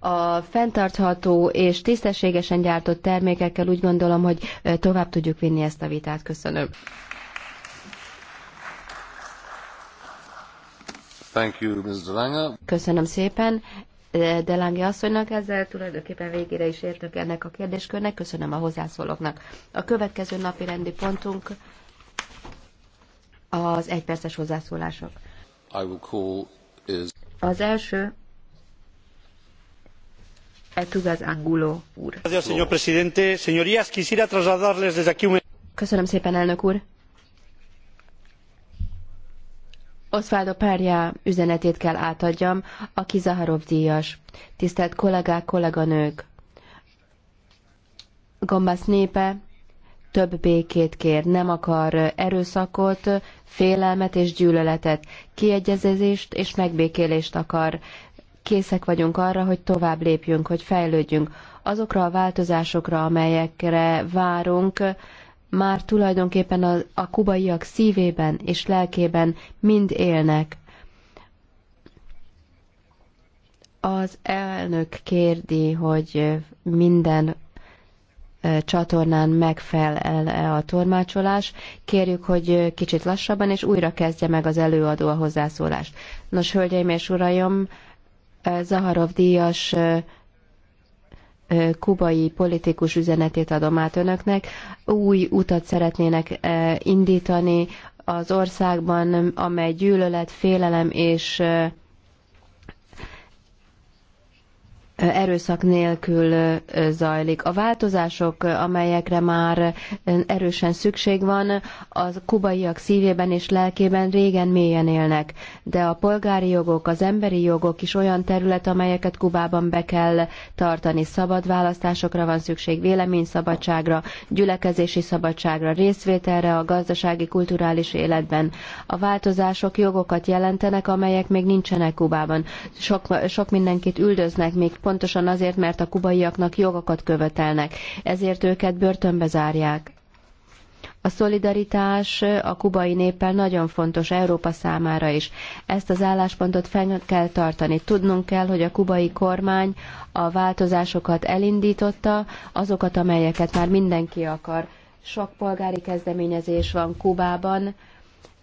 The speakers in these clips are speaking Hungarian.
a fenntartható és tisztességesen gyártott termékekkel úgy gondolom, hogy tovább tudjuk vinni ezt a vitát. Köszönöm. Thank you, Ms. Delange. Köszönöm szépen. Delange asszonynak ezzel tulajdonképpen végére is értünk ennek a kérdéskörnek. Köszönöm a hozzászólóknak. A következő napi rendi pontunk az egyperces hozzászólások. I will call is... Az első Köszönöm szépen, elnök úr. Osvaldo párja üzenetét kell átadjam, aki Zaharov díjas. Tisztelt kollégák, kolléganők! Gombász népe több békét kér, nem akar erőszakot, félelmet és gyűlöletet, kiegyezést és megbékélést akar készek vagyunk arra, hogy tovább lépjünk, hogy fejlődjünk. Azokra a változásokra, amelyekre várunk, már tulajdonképpen a, a kubaiak szívében és lelkében mind élnek. Az elnök kérdi, hogy minden csatornán megfelel-e a tormácsolás. Kérjük, hogy kicsit lassabban, és újra kezdje meg az előadó a hozzászólást. Nos, hölgyeim és uraim, Zaharov díjas kubai politikus üzenetét adom át önöknek. Új utat szeretnének indítani az országban, amely gyűlölet, félelem és erőszak nélkül zajlik. A változások, amelyekre már erősen szükség van, az kubaiak szívében és lelkében régen mélyen élnek. De a polgári jogok, az emberi jogok is olyan terület, amelyeket Kubában be kell tartani. Szabad választásokra van szükség, véleményszabadságra, gyülekezési szabadságra, részvételre a gazdasági, kulturális életben. A változások jogokat jelentenek, amelyek még nincsenek Kubában. Sok, sok mindenkit üldöznek, még pontosan azért, mert a kubaiaknak jogokat követelnek, ezért őket börtönbe zárják. A szolidaritás a kubai néppel nagyon fontos Európa számára is. Ezt az álláspontot fel kell tartani. Tudnunk kell, hogy a kubai kormány a változásokat elindította, azokat, amelyeket már mindenki akar. Sok polgári kezdeményezés van Kubában,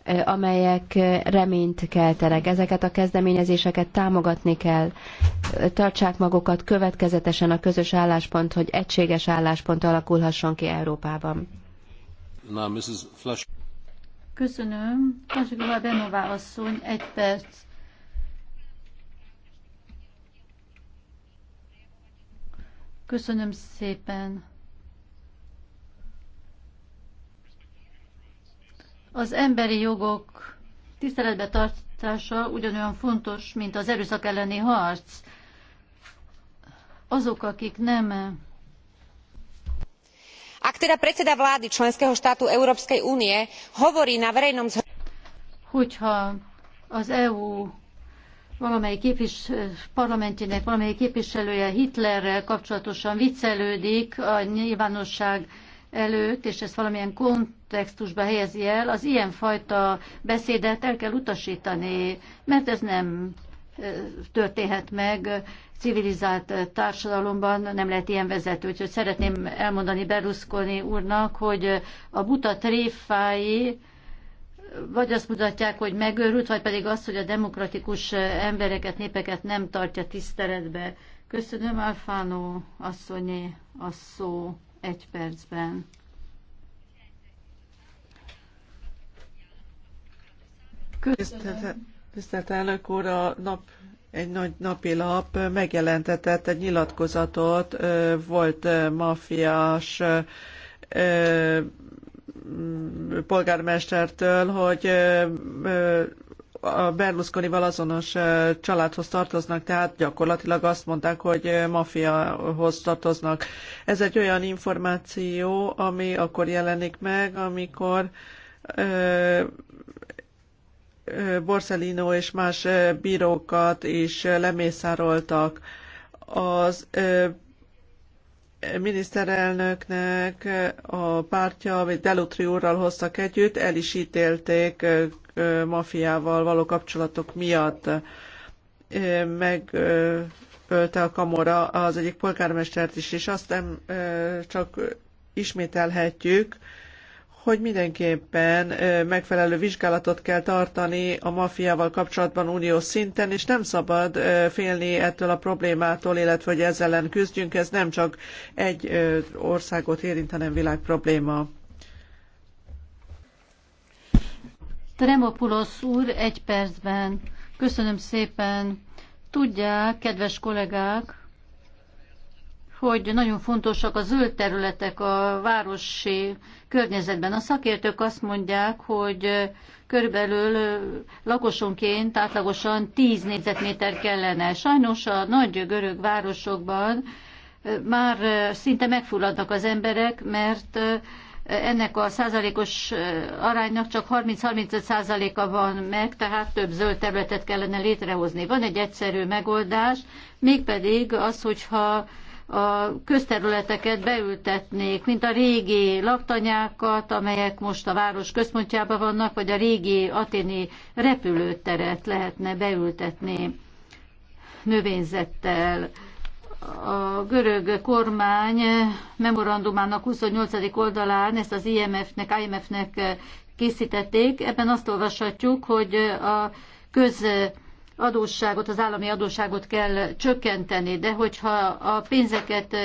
amelyek reményt keltenek. Ezeket a kezdeményezéseket támogatni kell. Tartsák magukat következetesen a közös álláspont, hogy egységes álláspont alakulhasson ki Európában. Köszönöm. Mrs. Flash. Köszönöm. Köszönöm, Benová asszony, egy perc. Köszönöm szépen. Az emberi jogok tiszteletbe tartása ugyanolyan fontos, mint az erőszak elleni harc. Azok, akik nem ak teda predseda vlády členského štátu európskej únie hovorí na verejnom hogyha az EU valamelyik képvis, parlamentjének valamelyik képviselője Hitlerrel kapcsolatosan viccelődik a nyilvánosság előtt, és ezt valamilyen kontextusba helyezi el, az ilyenfajta beszédet el kell utasítani, mert ez nem történhet meg civilizált társadalomban, nem lehet ilyen vezető. Úgyhogy szeretném elmondani Berlusconi úrnak, hogy a buta tréfái vagy azt mutatják, hogy megőrült, vagy pedig azt, hogy a demokratikus embereket, népeket nem tartja tiszteletbe. Köszönöm, Alfánó asszonyi, a szó egy percben. Köszönöm. Tisztelt elnök úr, a nap egy nagy napilap megjelentetett egy nyilatkozatot, volt mafiás polgármestertől, hogy a berlusconi azonos családhoz tartoznak, tehát gyakorlatilag azt mondták, hogy mafiahoz tartoznak. Ez egy olyan információ, ami akkor jelenik meg, amikor Borsellino és más bírókat is lemészároltak. Az miniszterelnöknek a pártja, amit Delutri úrral hoztak együtt, el is ítélték maffiával való kapcsolatok miatt megölte a kamora az egyik polgármestert is, és azt nem csak ismételhetjük, hogy mindenképpen megfelelő vizsgálatot kell tartani a mafiával kapcsolatban uniós szinten, és nem szabad félni ettől a problémától, illetve hogy ezzel ellen küzdjünk. Ez nem csak egy országot érint, hanem világ probléma. Tremopulos úr, egy percben. Köszönöm szépen. Tudják, kedves kollégák, hogy nagyon fontosak a zöld területek a városi környezetben. A szakértők azt mondják, hogy körülbelül lakosonként átlagosan 10 négyzetméter kellene. Sajnos a nagy görög városokban már szinte megfulladnak az emberek, mert ennek a százalékos aránynak csak 30-35 százaléka van meg, tehát több zöld területet kellene létrehozni. Van egy egyszerű megoldás, mégpedig az, hogyha a közterületeket beültetnék, mint a régi laktanyákat, amelyek most a város központjában vannak, vagy a régi aténi repülőteret lehetne beültetni növényzettel a görög kormány memorandumának 28. oldalán ezt az IMF-nek, IMF-nek készítették. Ebben azt olvashatjuk, hogy a köz adósságot, az állami adósságot kell csökkenteni, de hogyha a pénzeket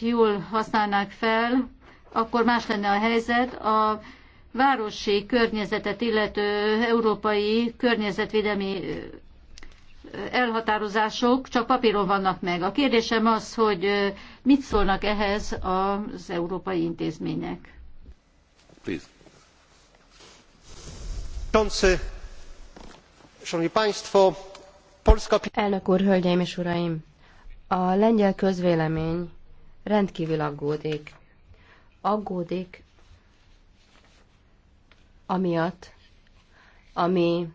jól használnák fel, akkor más lenne a helyzet. A városi környezetet illető európai környezetvédelmi elhatározások csak papíron vannak meg. A kérdésem az, hogy mit szólnak ehhez az európai intézmények. Please. Elnök úr, hölgyeim és uraim! A lengyel közvélemény rendkívül aggódik. Aggódik amiatt, ami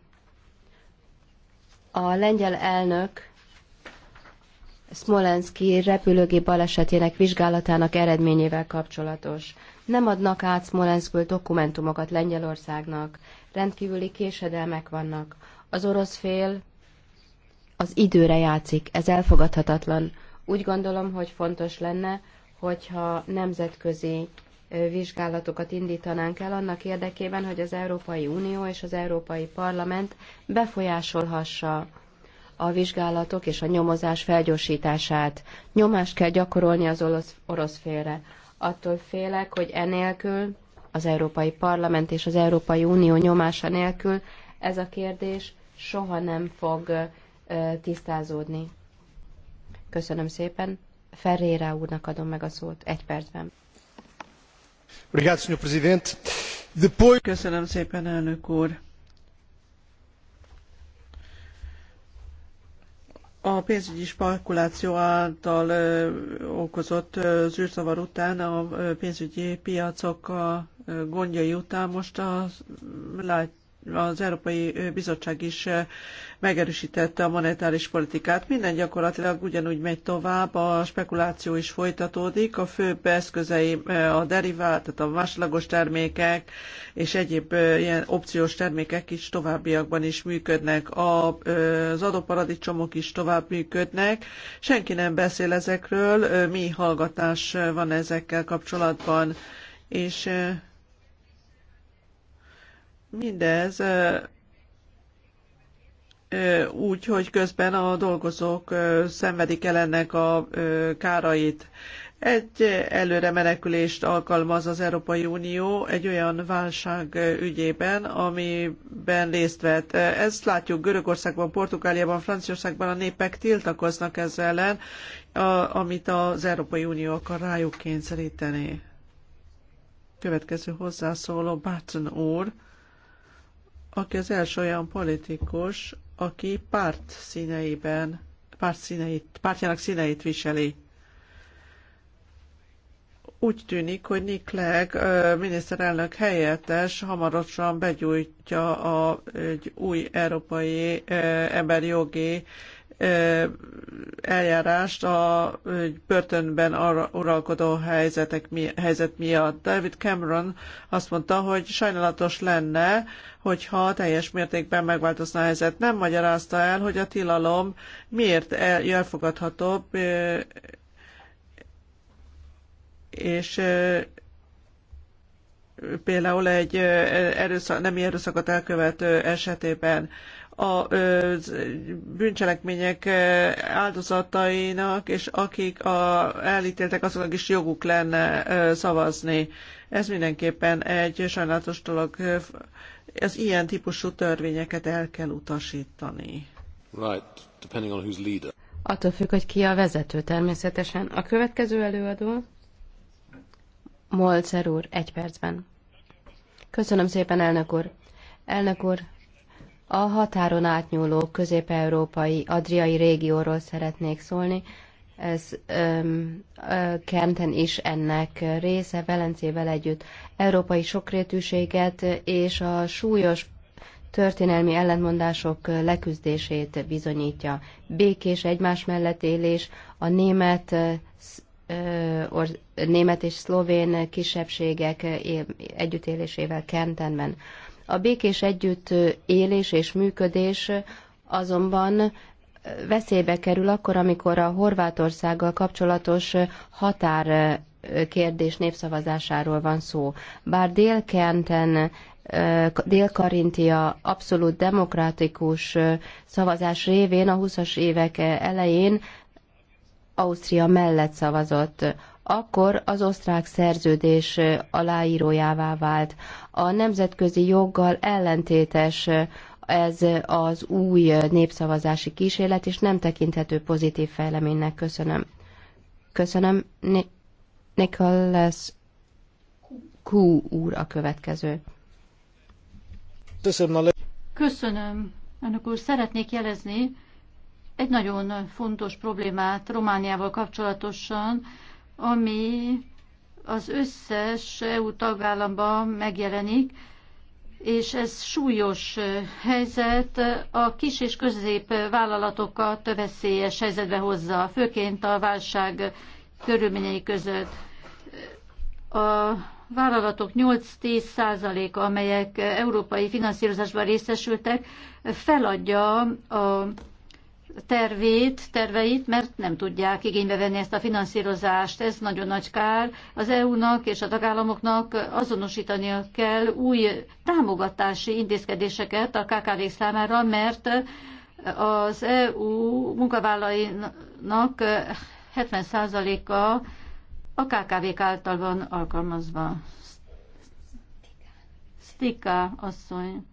a lengyel elnök Smolenski repülőgép balesetének vizsgálatának eredményével kapcsolatos. Nem adnak át Smolenskből dokumentumokat Lengyelországnak. Rendkívüli késedelmek vannak. Az orosz fél az időre játszik. Ez elfogadhatatlan. Úgy gondolom, hogy fontos lenne, hogyha nemzetközi vizsgálatokat indítanánk el annak érdekében, hogy az Európai Unió és az Európai Parlament befolyásolhassa a vizsgálatok és a nyomozás felgyorsítását. Nyomást kell gyakorolni az orosz, orosz félre. Attól félek, hogy enélkül az Európai Parlament és az Európai Unió nyomása nélkül ez a kérdés soha nem fog tisztázódni. Köszönöm szépen. Ferrére úrnak adom meg a szót egy percben. Köszönöm szépen, elnök úr. A pénzügyi spekuláció által okozott zűrzavar után, a pénzügyi piacok a gondjai után most a, az Európai Bizottság is megerősítette a monetáris politikát. Minden gyakorlatilag ugyanúgy megy tovább, a spekuláció is folytatódik, a főbb eszközei a derivált, tehát a vásárlagos termékek és egyéb ilyen opciós termékek is továbbiakban is működnek. A, az adóparadicsomok is tovább működnek. Senki nem beszél ezekről, mi hallgatás van ezekkel kapcsolatban, és Mindez úgy, hogy közben a dolgozók szenvedik el ennek a kárait. Egy előre menekülést alkalmaz az Európai Unió egy olyan válság ügyében, amiben részt vett. Ezt látjuk Görögországban, Portugáliában, Franciaországban a népek tiltakoznak ezzel ellen, a, amit az Európai Unió akar rájuk kényszeríteni. Következő hozzászóló Báton úr aki az első olyan politikus, aki párt színeiben, párt színeit, pártjának színeit viseli. Úgy tűnik, hogy Nick Clegg, miniszterelnök helyettes hamarosan begyújtja a, egy új európai emberjogi eljárást a börtönben arra uralkodó helyzetek, helyzet miatt. David Cameron azt mondta, hogy sajnálatos lenne, hogyha teljes mértékben megváltozna a helyzet. Nem magyarázta el, hogy a tilalom miért e, elfogadhatóbb, és például egy erőszak, nem erőszakot elkövető esetében a bűncselekmények áldozatainak, és akik a, elítéltek, azoknak is joguk lenne szavazni. Ez mindenképpen egy sajnálatos dolog. Az ilyen típusú törvényeket el kell utasítani. Right, depending on who's leader. Attól függ, hogy ki a vezető természetesen. A következő előadó, Molzer úr, egy percben. Köszönöm szépen, elnök úr. Elnök úr, a határon átnyúló közép-európai, adriai régióról szeretnék szólni. Ez öm, ö, Kenten is ennek része, Velencével együtt. Európai sokrétűséget és a súlyos történelmi ellentmondások leküzdését bizonyítja. Békés egymás mellett élés, a német, or, német és szlovén kisebbségek együttélésével Kentenben. A békés együtt élés és működés azonban veszélybe kerül akkor, amikor a Horvátországgal kapcsolatos határ kérdés népszavazásáról van szó. Bár Délkenten Dél-Karintia abszolút demokratikus szavazás révén a 20-as évek elején Ausztria mellett szavazott akkor az osztrák szerződés aláírójává vált. A nemzetközi joggal ellentétes ez az új népszavazási kísérlet, és nem tekinthető pozitív fejleménynek. Köszönöm. Köszönöm. Ni- Nicholas Q úr a következő. Köszönöm. Önök úr, szeretnék jelezni egy nagyon fontos problémát Romániával kapcsolatosan, ami az összes EU tagállamban megjelenik, és ez súlyos helyzet, a kis és közép vállalatokat veszélyes helyzetbe hozza, főként a válság körülményei között. A vállalatok 8-10 százaléka, amelyek európai finanszírozásban részesültek, feladja a tervét, terveit, mert nem tudják igénybe venni ezt a finanszírozást. Ez nagyon nagy kár. Az EU-nak és a tagállamoknak azonosítania kell új támogatási intézkedéseket a KKV számára, mert az EU munkavállalainak 70%-a a a kkv által van alkalmazva. Stika asszony.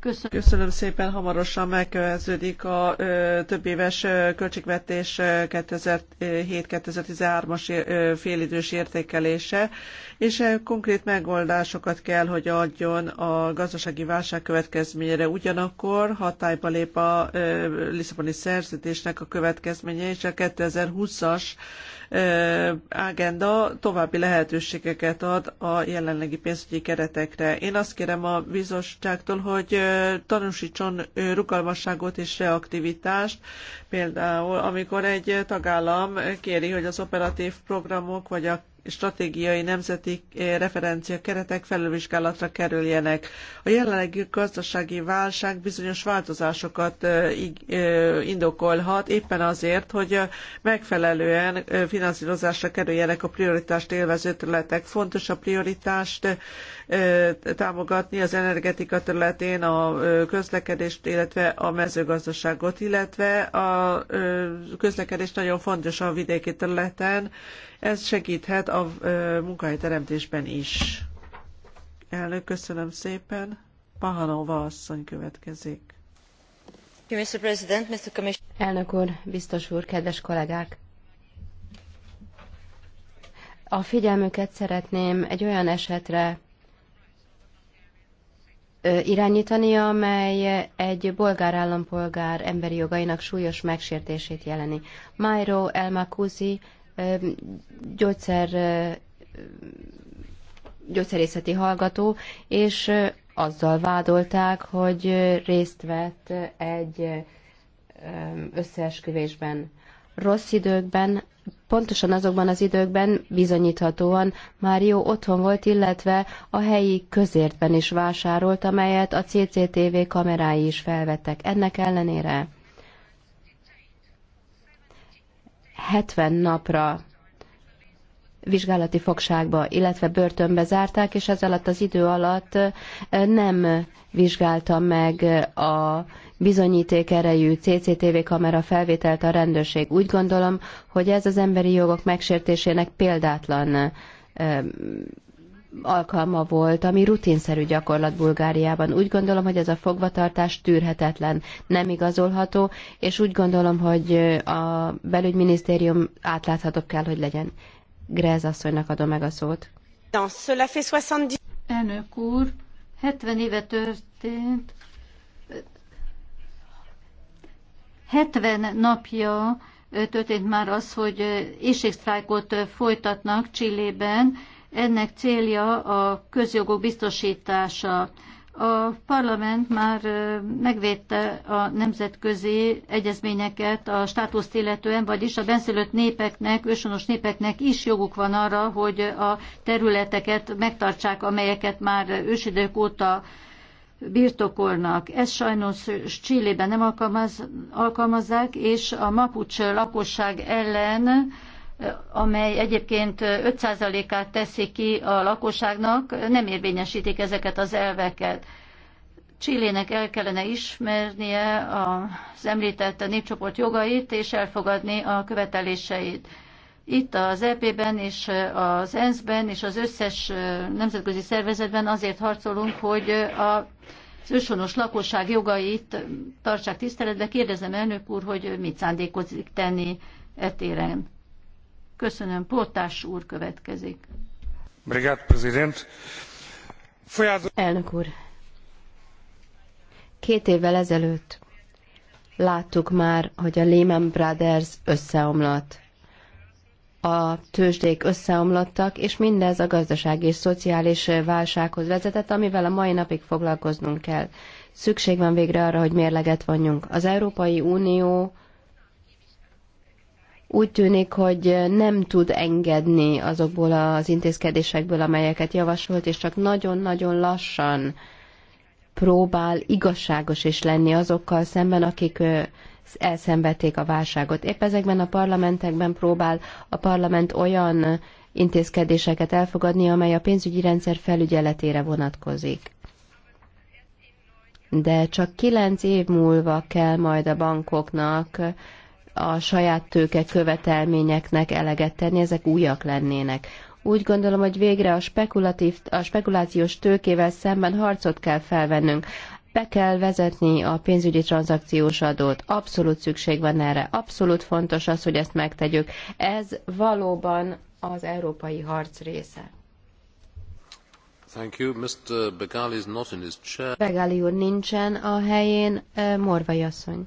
Köszönöm. Köszönöm szépen, hamarosan megkezdődik a ö, több éves ö, költségvetés 2007-2013-as félidős értékelése, és ö, konkrét megoldásokat kell, hogy adjon a gazdasági válság következményére. Ugyanakkor hatályba lép a ö, Lisszaboni szerződésnek a következménye, és a 2020-as ágenda további lehetőségeket ad a jelenlegi pénzügyi keretekre. Én azt kérem a bizottságtól, hogy tanúsítson rugalmasságot és reaktivitást, például amikor egy tagállam kéri, hogy az operatív programok vagy a stratégiai nemzeti eh, referencia keretek felülvizsgálatra kerüljenek. A jelenlegi gazdasági válság bizonyos változásokat eh, eh, indokolhat, éppen azért, hogy megfelelően finanszírozásra kerüljenek a prioritást élvező területek. Fontos a prioritást támogatni az energetika területén, a közlekedést, illetve a mezőgazdaságot, illetve a közlekedés nagyon fontos a vidéki területen, ez segíthet a munkahelyteremtésben is. Elnök, köszönöm szépen. Pahanova asszony következik. Mr. President, Mr. Elnök úr, biztos úr, kedves kollégák! A figyelmüket szeretném egy olyan esetre irányítani, amely egy bolgár állampolgár emberi jogainak súlyos megsértését jeleni. Mairo Elmakuzi gyógyszer, gyógyszerészeti hallgató, és azzal vádolták, hogy részt vett egy összeesküvésben. Rossz időkben, pontosan azokban az időkben bizonyíthatóan Mário otthon volt, illetve a helyi közértben is vásárolt, amelyet a CCTV kamerái is felvettek. Ennek ellenére 70 napra vizsgálati fogságba, illetve börtönbe zárták, és ez alatt az idő alatt nem vizsgálta meg a bizonyíték erejű CCTV kamera felvételt a rendőrség. Úgy gondolom, hogy ez az emberi jogok megsértésének példátlan alkalma volt, ami rutinszerű gyakorlat Bulgáriában. Úgy gondolom, hogy ez a fogvatartás tűrhetetlen, nem igazolható, és úgy gondolom, hogy a belügyminisztérium átláthatóbb kell, hogy legyen. Grez asszonynak adom meg a szót. Elnök úr, 70 éve történt, 70 napja történt már az, hogy éjségsztrájkot folytatnak Csillében, ennek célja a közjogok biztosítása. A parlament már megvédte a nemzetközi egyezményeket a státuszt illetően, vagyis a benszülött népeknek, ősonos népeknek is joguk van arra, hogy a területeket megtartsák, amelyeket már ősidők óta birtokolnak. Ezt sajnos Csillében nem alkalmaz, alkalmazzák, és a Mapuche lakosság ellen amely egyébként 5%-át teszi ki a lakosságnak, nem érvényesítik ezeket az elveket. Csillének el kellene ismernie az említett népcsoport jogait és elfogadni a követeléseit. Itt az EP-ben és az ENSZ-ben és az összes nemzetközi szervezetben azért harcolunk, hogy a az őshonos lakosság jogait tartsák tiszteletbe. Kérdezem elnök úr, hogy mit szándékozik tenni etéren. Köszönöm. Portás úr következik. Brigád prezident. Folyázó... Elnök úr. Két évvel ezelőtt láttuk már, hogy a Lehman Brothers összeomlott. A tőzsdék összeomlottak, és mindez a gazdasági és szociális válsághoz vezetett, amivel a mai napig foglalkoznunk kell. Szükség van végre arra, hogy mérleget vonjunk. Az Európai Unió úgy tűnik, hogy nem tud engedni azokból az intézkedésekből, amelyeket javasolt, és csak nagyon-nagyon lassan próbál igazságos is lenni azokkal szemben, akik elszenvedték a válságot. Épp ezekben a parlamentekben próbál a parlament olyan intézkedéseket elfogadni, amely a pénzügyi rendszer felügyeletére vonatkozik. De csak kilenc év múlva kell majd a bankoknak a saját tőke követelményeknek eleget tenni, ezek újak lennének. Úgy gondolom, hogy végre a, spekulatív, a spekulációs tőkével szemben harcot kell felvennünk. Be kell vezetni a pénzügyi tranzakciós adót. Abszolút szükség van erre. Abszolút fontos az, hogy ezt megtegyük. Ez valóban az európai harc része. Thank you. Mr. Begali is not in his chair. Begali úr nincsen a helyén. Morvai asszony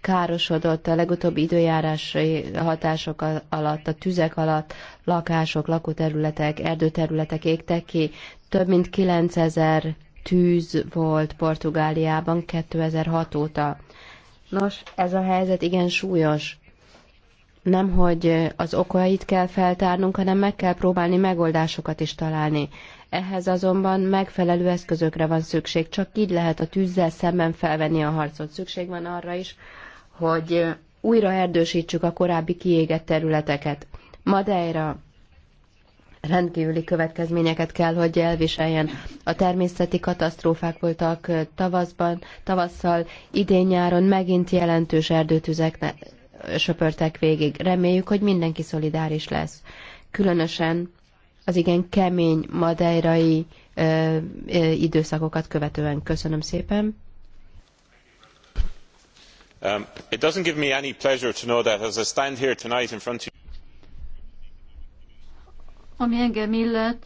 károsodott a legutóbbi időjárási hatások alatt, a tüzek alatt lakások, lakóterületek, erdőterületek égtek ki. Több mint 9000 tűz volt Portugáliában 2006 óta. Nos, ez a helyzet igen súlyos. Nem, hogy az okait kell feltárnunk, hanem meg kell próbálni megoldásokat is találni. Ehhez azonban megfelelő eszközökre van szükség, csak így lehet a tűzzel szemben felvenni a harcot. Szükség van arra is, hogy újra erdősítsük a korábbi kiégett területeket. Madeira rendkívüli következményeket kell, hogy elviseljen. A természeti katasztrófák voltak tavaszban, tavasszal, idén nyáron megint jelentős erdőtüzek söpörtek végig. Reméljük, hogy mindenki szolidáris lesz. Különösen az igen kemény madeirai ö, ö, időszakokat követően. Köszönöm szépen! Um, it does not give me any pleasure to know that as i stand here tonight in front of you ami engem illet,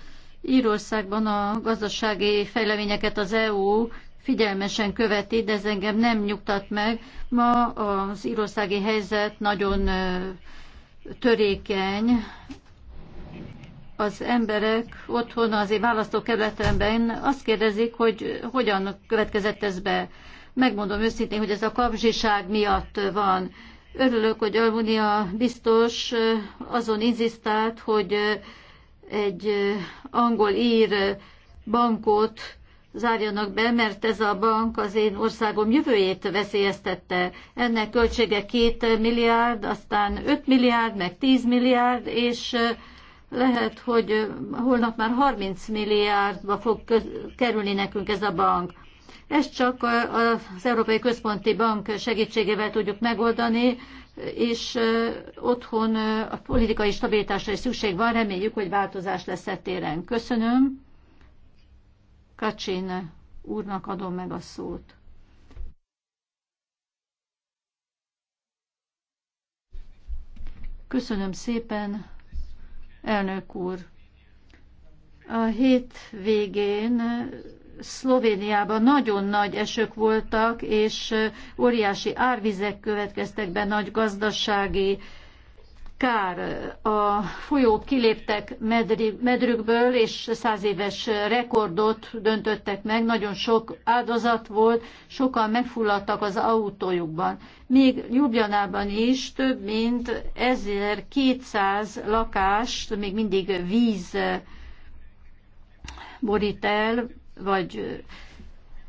Írországban a gazdasági fejleményeket az EU figyelmesen követi, de ez engem nem nyugtat meg. Ma az írországi helyzet nagyon törékeny. Az emberek otthon, az én választókerületemben azt kérdezik, hogy hogyan következett ez be. Megmondom őszintén, hogy ez a kapzsiság miatt van. Örülök, hogy Almunia biztos eh, azon inzisztált, hogy eh, egy eh, angol-ír bankot zárjanak be, mert ez a bank az én országom jövőjét veszélyeztette. Ennek költsége 2 milliárd, aztán 5 milliárd, meg 10 milliárd, és lehet, hogy holnap már 30 milliárdba fog kerülni nekünk ez a bank. Ezt csak az Európai Központi Bank segítségével tudjuk megoldani, és otthon a politikai stabilitásra is szükség van, reméljük, hogy változás lesz e téren. Köszönöm. Kacsin úrnak adom meg a szót. Köszönöm szépen, elnök úr. A hét végén Szlovéniában nagyon nagy esők voltak, és óriási árvizek következtek be, nagy gazdasági kár. A folyók kiléptek medrükből, és száz éves rekordot döntöttek meg. Nagyon sok áldozat volt, sokan megfulladtak az autójukban. Még Ljubljanában is több mint 1200 lakást még mindig víz borít el, vagy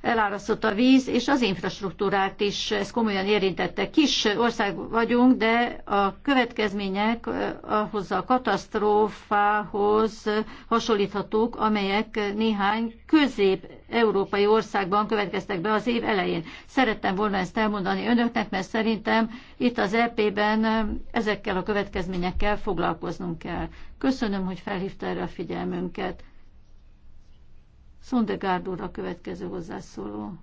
elárasztott a víz, és az infrastruktúrát is ez komolyan érintette. Kis ország vagyunk, de a következmények ahhoz a katasztrófához hasonlíthatók, amelyek néhány közép-európai országban következtek be az év elején. Szerettem volna ezt elmondani önöknek, mert szerintem itt az EP-ben ezekkel a következményekkel foglalkoznunk kell. Köszönöm, hogy felhívta erre a figyelmünket. Szondegárd úr a következő hozzászóló.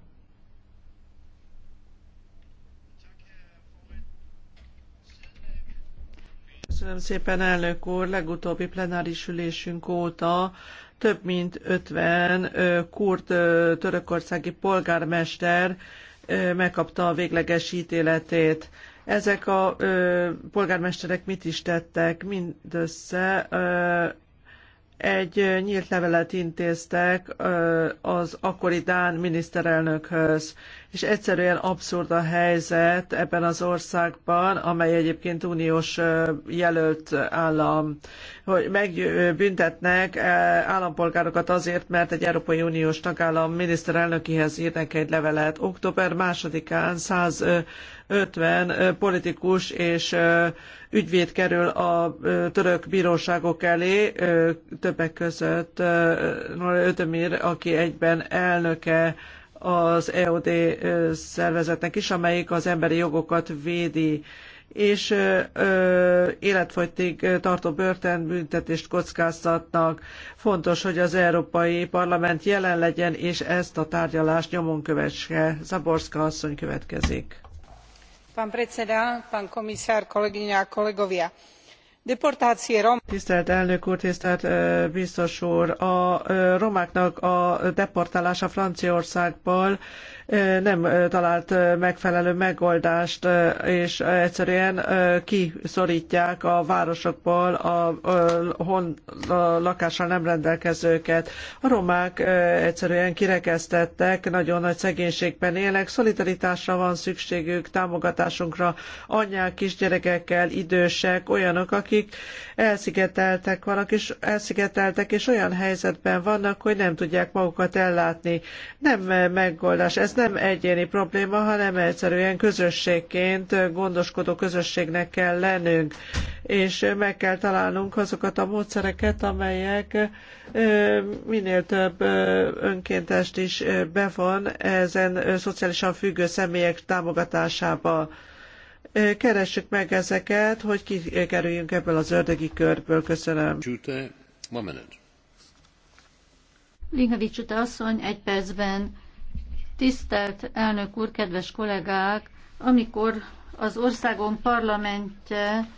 Köszönöm szépen, elnök úr! Legutóbbi plenáris ülésünk óta több mint 50 kurd törökországi polgármester megkapta a végleges ítéletét. Ezek a polgármesterek mit is tettek? Mindössze egy nyílt levelet intéztek az akkori Dán miniszterelnökhöz, és egyszerűen abszurd a helyzet ebben az országban, amely egyébként uniós jelölt állam, hogy megbüntetnek állampolgárokat azért, mert egy Európai Uniós tagállam miniszterelnökihez írnak egy levelet. Október másodikán 100 50 politikus és ügyvéd kerül a török bíróságok elé, többek között Ötömír, aki egyben elnöke az EOD szervezetnek is, amelyik az emberi jogokat védi és ö, ö, életfogytig tartó börtönbüntetést kockáztatnak. Fontos, hogy az Európai Parlament jelen legyen, és ezt a tárgyalást nyomon kövesse. Zaborszka asszony következik tisztelt elnök úr tisztelt biztos úr! a romáknak a deportálása franciaországból nem talált megfelelő megoldást, és egyszerűen kiszorítják a városokból a, hon, a lakással nem rendelkezőket. A romák egyszerűen kirekesztettek, nagyon nagy szegénységben élnek, szolidaritásra van szükségük, támogatásunkra anyák, kisgyerekekkel, idősek, olyanok, akik elszigeteltek vannak, és elszigeteltek, és olyan helyzetben vannak, hogy nem tudják magukat ellátni. Nem megoldás. Ez ez nem egyéni probléma, hanem egyszerűen közösségként, gondoskodó közösségnek kell lennünk, és meg kell találnunk azokat a módszereket, amelyek minél több önkéntest is bevon ezen szociálisan függő személyek támogatásába. Keressük meg ezeket, hogy kikerüljünk ebből az ördögi körből. Köszönöm. Linkovics asszony egy percben Tisztelt elnök úr, kedves kollégák! Amikor az országon parlamentje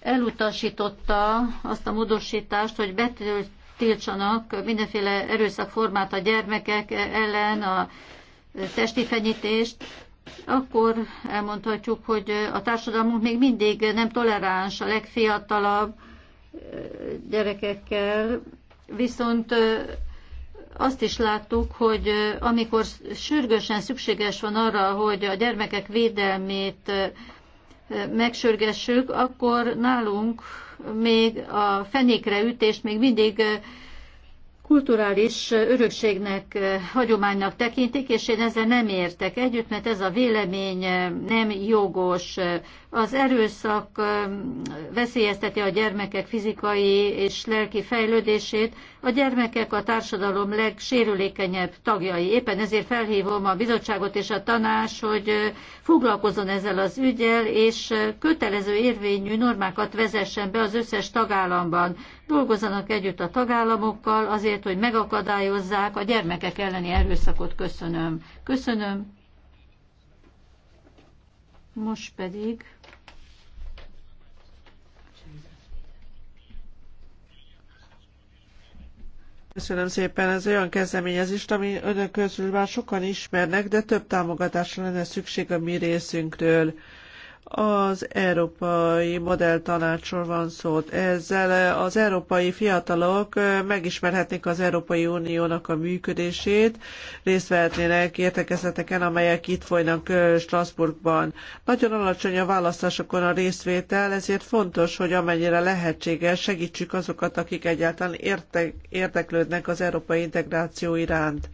elutasította azt a módosítást, hogy betiltsanak mindenféle erőszakformát a gyermekek ellen, a testi fenyítést, akkor elmondhatjuk, hogy a társadalmunk még mindig nem toleráns a legfiatalabb gyerekekkel, viszont azt is láttuk, hogy amikor sürgősen szükséges van arra, hogy a gyermekek védelmét megsürgessük, akkor nálunk még a fenékre ütést még mindig kulturális örökségnek, hagyománynak tekintik, és én ezzel nem értek együtt, mert ez a vélemény nem jogos. Az erőszak veszélyezteti a gyermekek fizikai és lelki fejlődését. A gyermekek a társadalom legsérülékenyebb tagjai. Éppen ezért felhívom a bizottságot és a tanás, hogy foglalkozzon ezzel az ügyel, és kötelező érvényű normákat vezessen be az összes tagállamban. Dolgozzanak együtt a tagállamokkal azért, hogy megakadályozzák a gyermekek elleni erőszakot. Köszönöm. Köszönöm. Most pedig Köszönöm szépen, ez olyan kezdeményezést, ami önök közül már sokan ismernek, de több támogatásra lenne szükség a mi részünkről. Az Európai Modelltanácsról van szó. Ezzel az európai fiatalok megismerhetnék az Európai Uniónak a működését, részt vehetnének értekezeteken, amelyek itt folynak Strasbourgban. Nagyon alacsony a választásokon a részvétel, ezért fontos, hogy amennyire lehetséges segítsük azokat, akik egyáltalán értek, érdeklődnek az európai integráció iránt.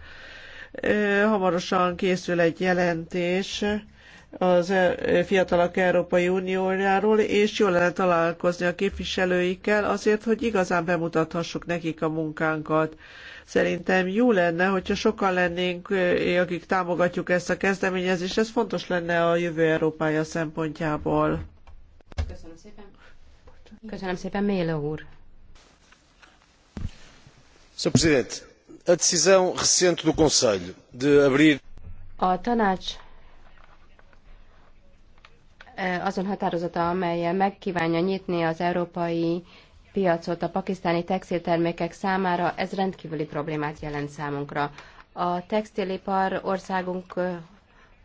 Hamarosan készül egy jelentés, az e, Fiatalok Európai Uniójáról, és jól lenne találkozni a képviselőikkel azért, hogy igazán bemutathassuk nekik a munkánkat. Szerintem jó lenne, hogyha sokan lennénk, e, akik támogatjuk ezt a kezdeményezést, ez fontos lenne a jövő Európája szempontjából. Köszönöm szépen. Köszönöm szépen, Méla úr. Sr. Presidente, a decisão recente do Conselho de abrir... A tanács E, azon határozata, amelyen megkívánja nyitni az európai piacot a pakisztáni textiltermékek számára, ez rendkívüli problémát jelent számunkra. A textilipar országunk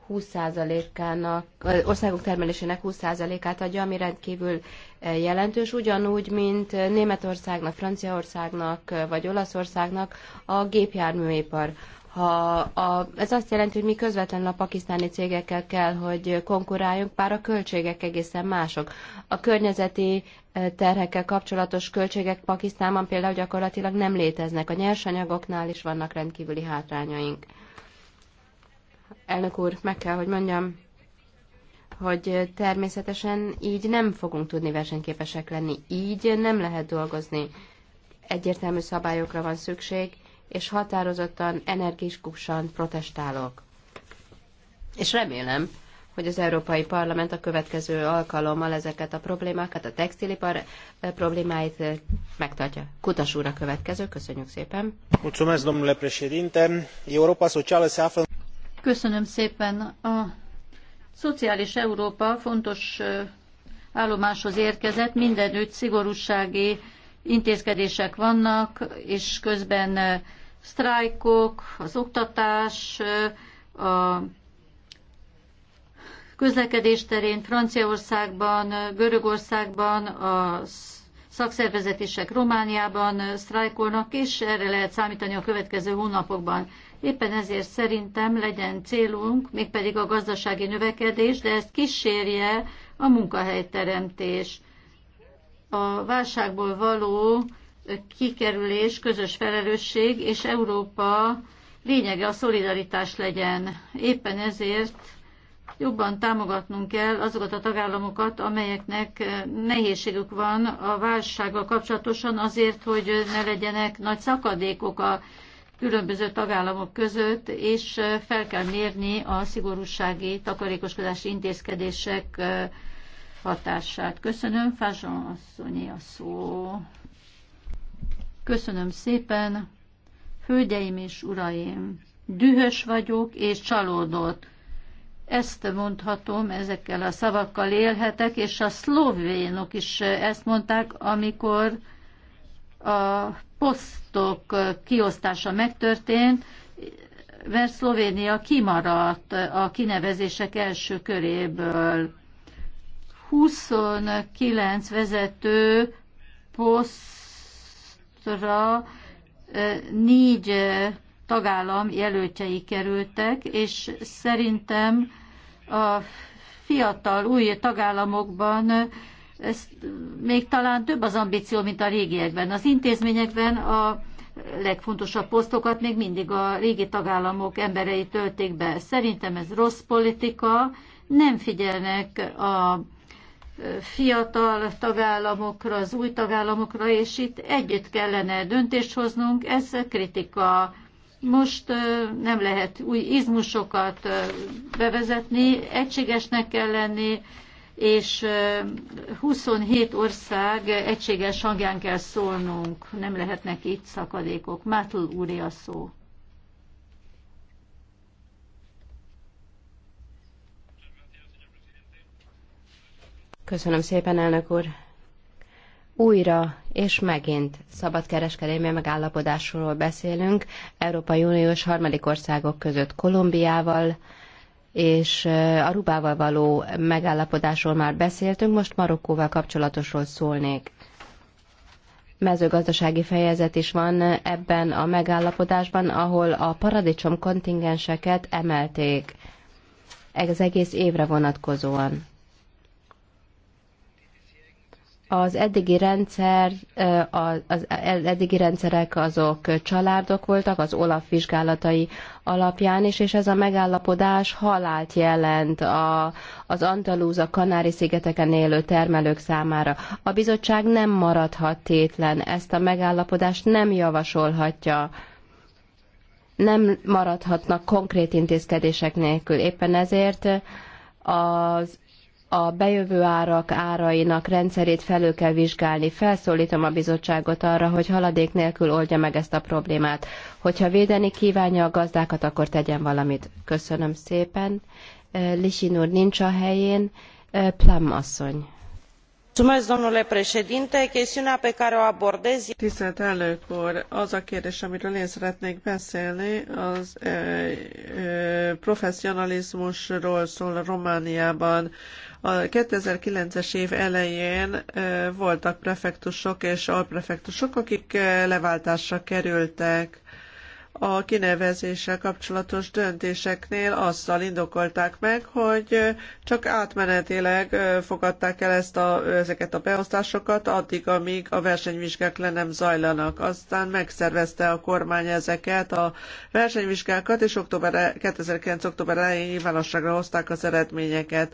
20%-ának, országunk termelésének 20%-át adja, ami rendkívül jelentős, ugyanúgy, mint Németországnak, Franciaországnak vagy Olaszországnak a gépjárműipar. Ha a, ez azt jelenti, hogy mi közvetlenül a pakisztáni cégekkel kell, hogy konkuráljunk, bár a költségek egészen mások. A környezeti e, terhekkel kapcsolatos költségek Pakisztánban például gyakorlatilag nem léteznek. A nyersanyagoknál is vannak rendkívüli hátrányaink. Elnök úr, meg kell, hogy mondjam, hogy természetesen így nem fogunk tudni versenyképesek lenni. Így nem lehet dolgozni. Egyértelmű szabályokra van szükség, és határozottan, energikusan protestálok. És remélem, hogy az Európai Parlament a következő alkalommal ezeket a problémákat, a textilipar eh, problémáit eh, megtartja. Kutas úr a következő, köszönjük szépen. Európa Köszönöm szépen. A szociális Európa fontos eh, állomáshoz érkezett, mindenütt szigorúsági intézkedések vannak, és közben sztrájkok, az oktatás, a közlekedés terén Franciaországban, Görögországban, a szakszervezetések Romániában sztrájkolnak, és erre lehet számítani a következő hónapokban. Éppen ezért szerintem legyen célunk, mégpedig a gazdasági növekedés, de ezt kísérje a munkahelyteremtés a válságból való kikerülés, közös felelősség, és Európa lényege a szolidaritás legyen. Éppen ezért jobban támogatnunk kell azokat a tagállamokat, amelyeknek nehézségük van a válsággal kapcsolatosan azért, hogy ne legyenek nagy szakadékok a különböző tagállamok között, és fel kell mérni a szigorúsági takarékoskodási intézkedések hatását. Köszönöm, Fázson asszonyi a szó. Köszönöm szépen, hölgyeim és uraim, dühös vagyok és csalódott. Ezt mondhatom, ezekkel a szavakkal élhetek, és a szlovénok is ezt mondták, amikor a posztok kiosztása megtörtént, mert Szlovénia kimaradt a kinevezések első köréből. 29 vezető posztra négy tagállam jelöltjei kerültek, és szerintem a fiatal új tagállamokban ez még talán több az ambíció, mint a régiekben. Az intézményekben a legfontosabb posztokat még mindig a régi tagállamok emberei töltik be. Szerintem ez rossz politika, nem figyelnek a fiatal tagállamokra, az új tagállamokra, és itt együtt kellene döntést hoznunk, ez kritika. Most nem lehet új izmusokat bevezetni, egységesnek kell lenni, és 27 ország egységes hangján kell szólnunk, nem lehetnek itt szakadékok. Mátul úri a szó. Köszönöm szépen, elnök úr. Újra és megint szabadkereskedelmi megállapodásról beszélünk Európai Uniós harmadik országok között Kolumbiával, és eh, Rubával való megállapodásról már beszéltünk, most Marokkóval kapcsolatosról szólnék. Mezőgazdasági fejezet is van ebben a megállapodásban, ahol a paradicsom kontingenseket emelték ez egész évre vonatkozóan. Az eddigi rendszer, az eddigi rendszerek azok családok voltak az Olaf vizsgálatai alapján is, és ez a megállapodás halált jelent a, az Antalúz a Kanári-szigeteken élő termelők számára. A bizottság nem maradhat tétlen, ezt a megállapodást nem javasolhatja nem maradhatnak konkrét intézkedések nélkül. Éppen ezért az a bejövő árak árainak rendszerét felül kell vizsgálni. Felszólítom a bizottságot arra, hogy haladék nélkül oldja meg ezt a problémát. Hogyha védeni kívánja a gazdákat, akkor tegyen valamit. Köszönöm szépen. Lisin úr nincs a helyén. Plam asszony. E- Tisztelt elnök úr, az a kérdés, amiről én szeretnék beszélni, az eh, eh, professzionalizmusról szól Romániában a 2009-es év elején voltak prefektusok és alprefektusok, akik leváltásra kerültek a kinevezéssel kapcsolatos döntéseknél azzal indokolták meg, hogy csak átmenetileg fogadták el ezt a, ezeket a beosztásokat, addig, amíg a versenyvizsgák le nem zajlanak. Aztán megszervezte a kormány ezeket a versenyvizsgákat, és október, 2009. E-, október elején nyilvánosságra hozták az eredményeket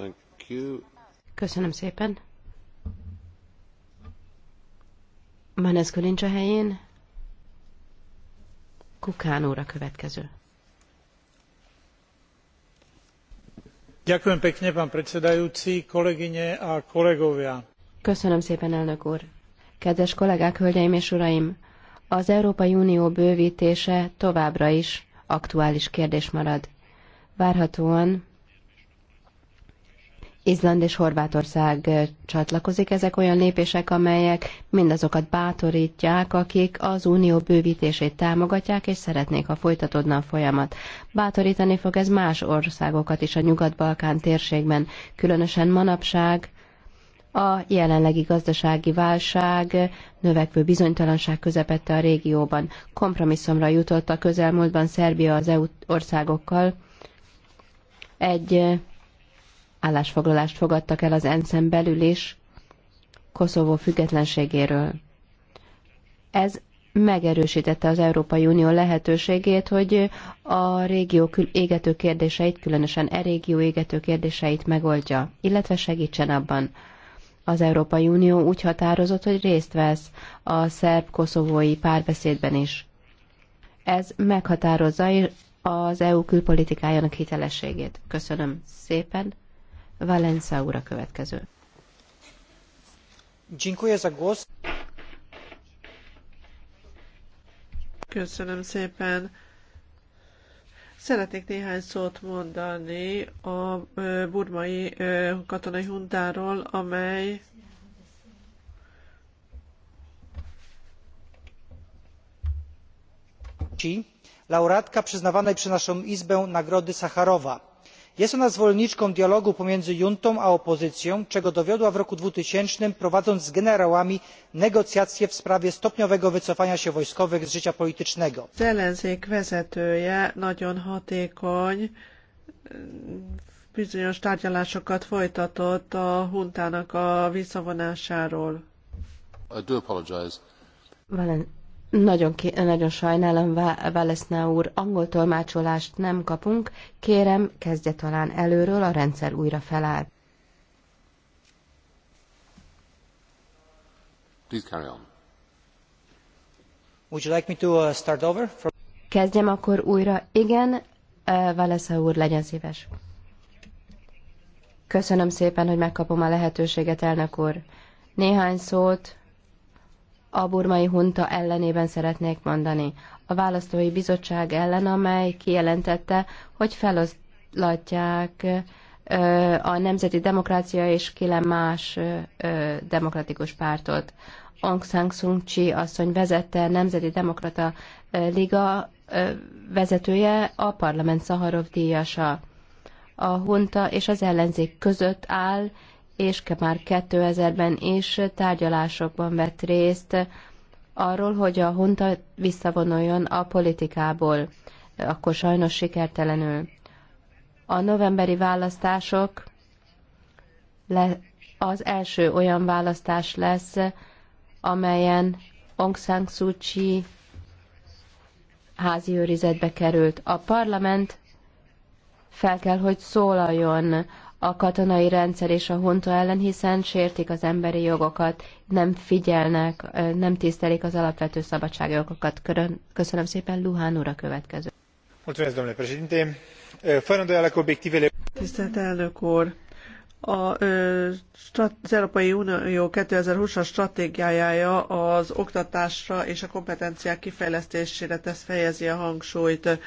Thank you. Köszönöm szépen. Maneszko nincs a helyén. Kukán óra következő. Ďakujem pekne, pán predsedajúci, kolegyne a kolegovia. Köszönöm szépen, elnök úr. Kedves kollégák, hölgyeim és uraim! Az Európai Unió bővítése továbbra is aktuális kérdés marad. Várhatóan Izland és Horvátország csatlakozik. Ezek olyan lépések, amelyek mindazokat bátorítják, akik az unió bővítését támogatják, és szeretnék, ha folytatódna a folyamat. Bátorítani fog ez más országokat is a Nyugat-Balkán térségben, különösen manapság, a jelenlegi gazdasági válság, növekvő bizonytalanság közepette a régióban. Kompromisszumra jutott a közelmúltban Szerbia az EU országokkal egy állásfoglalást fogadtak el az ensz belül is Koszovó függetlenségéről. Ez megerősítette az Európai Unió lehetőségét, hogy a régió égető kérdéseit, különösen e régió égető kérdéseit megoldja, illetve segítsen abban. Az Európai Unió úgy határozott, hogy részt vesz a szerb-koszovói párbeszédben is. Ez meghatározza az EU külpolitikájának hitelességét. Köszönöm szépen. Valenza úr a következő. Köszönöm szépen. Szeretnék néhány szót mondani a burmai katonai huntáról, amely laureatka przyznawanej przez naszą Izbę Nagrody Sacharowa jest ona zwolenniczką dialogu pomiędzy juntą a opozycją czego dowiodła w roku dwa tysiące prowadząc z generałami negocjacje w sprawie stopniowego wycofania się wojskowych z życia politycznego. vezetője nagyon hatékony bizonyos tárgyalásokat folytatott a huntának a visszavonásáról. I do nagyon, nagyon sajnálom, Valeszna úr, angol tolmácsolást nem kapunk. Kérem, kezdje talán előről, a rendszer újra feláll. Please carry on. Would you like me to uh, start over? From... Kezdjem akkor újra. Igen, uh, Valesza úr, legyen szíves. Köszönöm szépen, hogy megkapom a lehetőséget, elnök úr. Néhány szót a burmai hunta ellenében szeretnék mondani. A választói bizottság ellen, amely kijelentette, hogy feloszlatják a Nemzeti Demokrácia és kile más demokratikus pártot. Aung San Suu Kyi asszony vezette Nemzeti Demokrata Liga vezetője, a parlament Szaharov díjasa. A hunta és az ellenzék között áll, és már 2000-ben is tárgyalásokban vett részt arról, hogy a hunta visszavonuljon a politikából, akkor sajnos sikertelenül. A novemberi választások le, az első olyan választás lesz, amelyen Aung San Suu Kyi házi őrizetbe került. A parlament fel kell, hogy szólaljon a katonai rendszer és a hunta ellen, hiszen sértik az emberi jogokat, nem figyelnek, nem tisztelik az alapvető szabadságjogokat. Köszönöm szépen, Luhán úr a következő. Tisztelt elnök úr! A, az Európai Unió 2020-as stratégiája az oktatásra és a kompetenciák kifejlesztésére tesz fejezi a hangsúlyt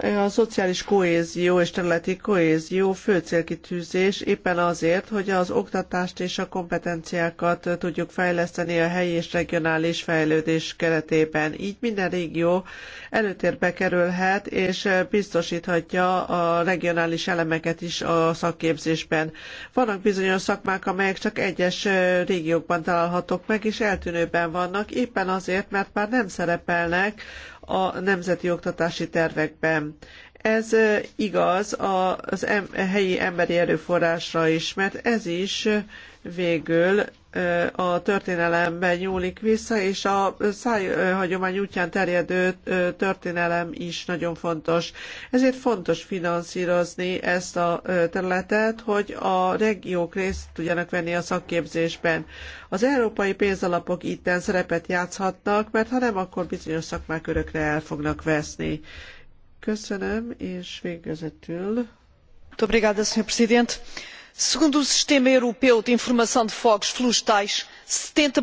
a szociális kohézió és területi kohézió fő célkitűzés éppen azért, hogy az oktatást és a kompetenciákat tudjuk fejleszteni a helyi és regionális fejlődés keretében. Így minden régió előtérbe kerülhet és biztosíthatja a regionális elemeket is a szakképzésben. Vannak bizonyos szakmák, amelyek csak egyes régiókban találhatók meg, és eltűnőben vannak, éppen azért, mert már nem szerepelnek a nemzeti oktatási tervekben. Ez igaz az helyi emberi erőforrásra is, mert ez is végül a történelembe nyúlik vissza, és a szájhagyomány útján terjedő történelem is nagyon fontos. Ezért fontos finanszírozni ezt a területet, hogy a regiók részt tudjanak venni a szakképzésben. Az európai pénzalapok itten szerepet játszhatnak, mert ha nem, akkor bizonyos szakmák örökre el fognak veszni. Köszönöm, és végezetül. Obrigada, Presidente segundo o sistema europeu de informação de fogos florestais setenta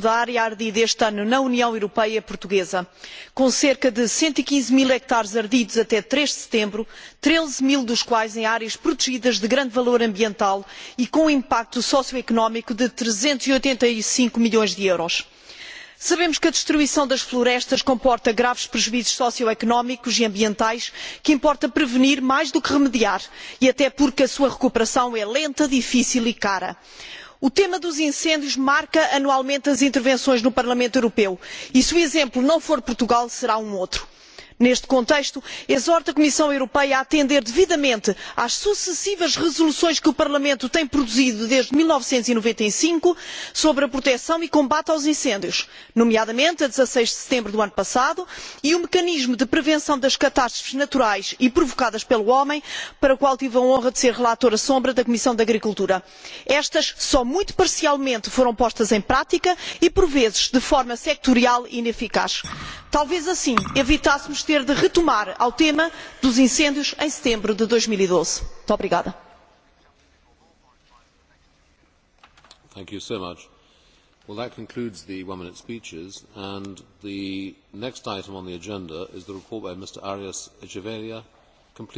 da área ardida este ano na união europeia é portuguesa com cerca de cento e quinze mil hectares ardidos até três de setembro treze mil dos quais em áreas protegidas de grande valor ambiental e com um impacto socioeconómico de trezentos e oitenta e cinco milhões de euros sabemos que a destruição das florestas comporta graves prejuízos socioeconómicos e ambientais que importa prevenir mais do que remediar e até porque a sua recuperação é lenta difícil e cara. o tema dos incêndios marca anualmente as intervenções no parlamento europeu e se o exemplo não for portugal será um outro neste contexto exorta a comissão europeia a atender devidamente às sucessivas resoluções que o parlamento tem produzido desde mil novecentos e noventa e cinco sobre a proteção e combate aos incêndios nomeadamente a de dezasseis de setembro do ano passado e o mecanismo de prevenção das catástrofes naturais e provocadas pelo homem para o qual tive a honra de ser relatora sombra da comissão de agricultura. estas só muito parcialmente foram postas em prática e por vezes de forma sectorial e ineficaz talvez assim evitássemos ter de retomar ao tema dos incêndios em setembro de. dois mil e doze muito obrigada. Thank you so much. Well, that concludes the one-minute speeches, and the next item on the agenda is the report by Mr. Arias Echeverria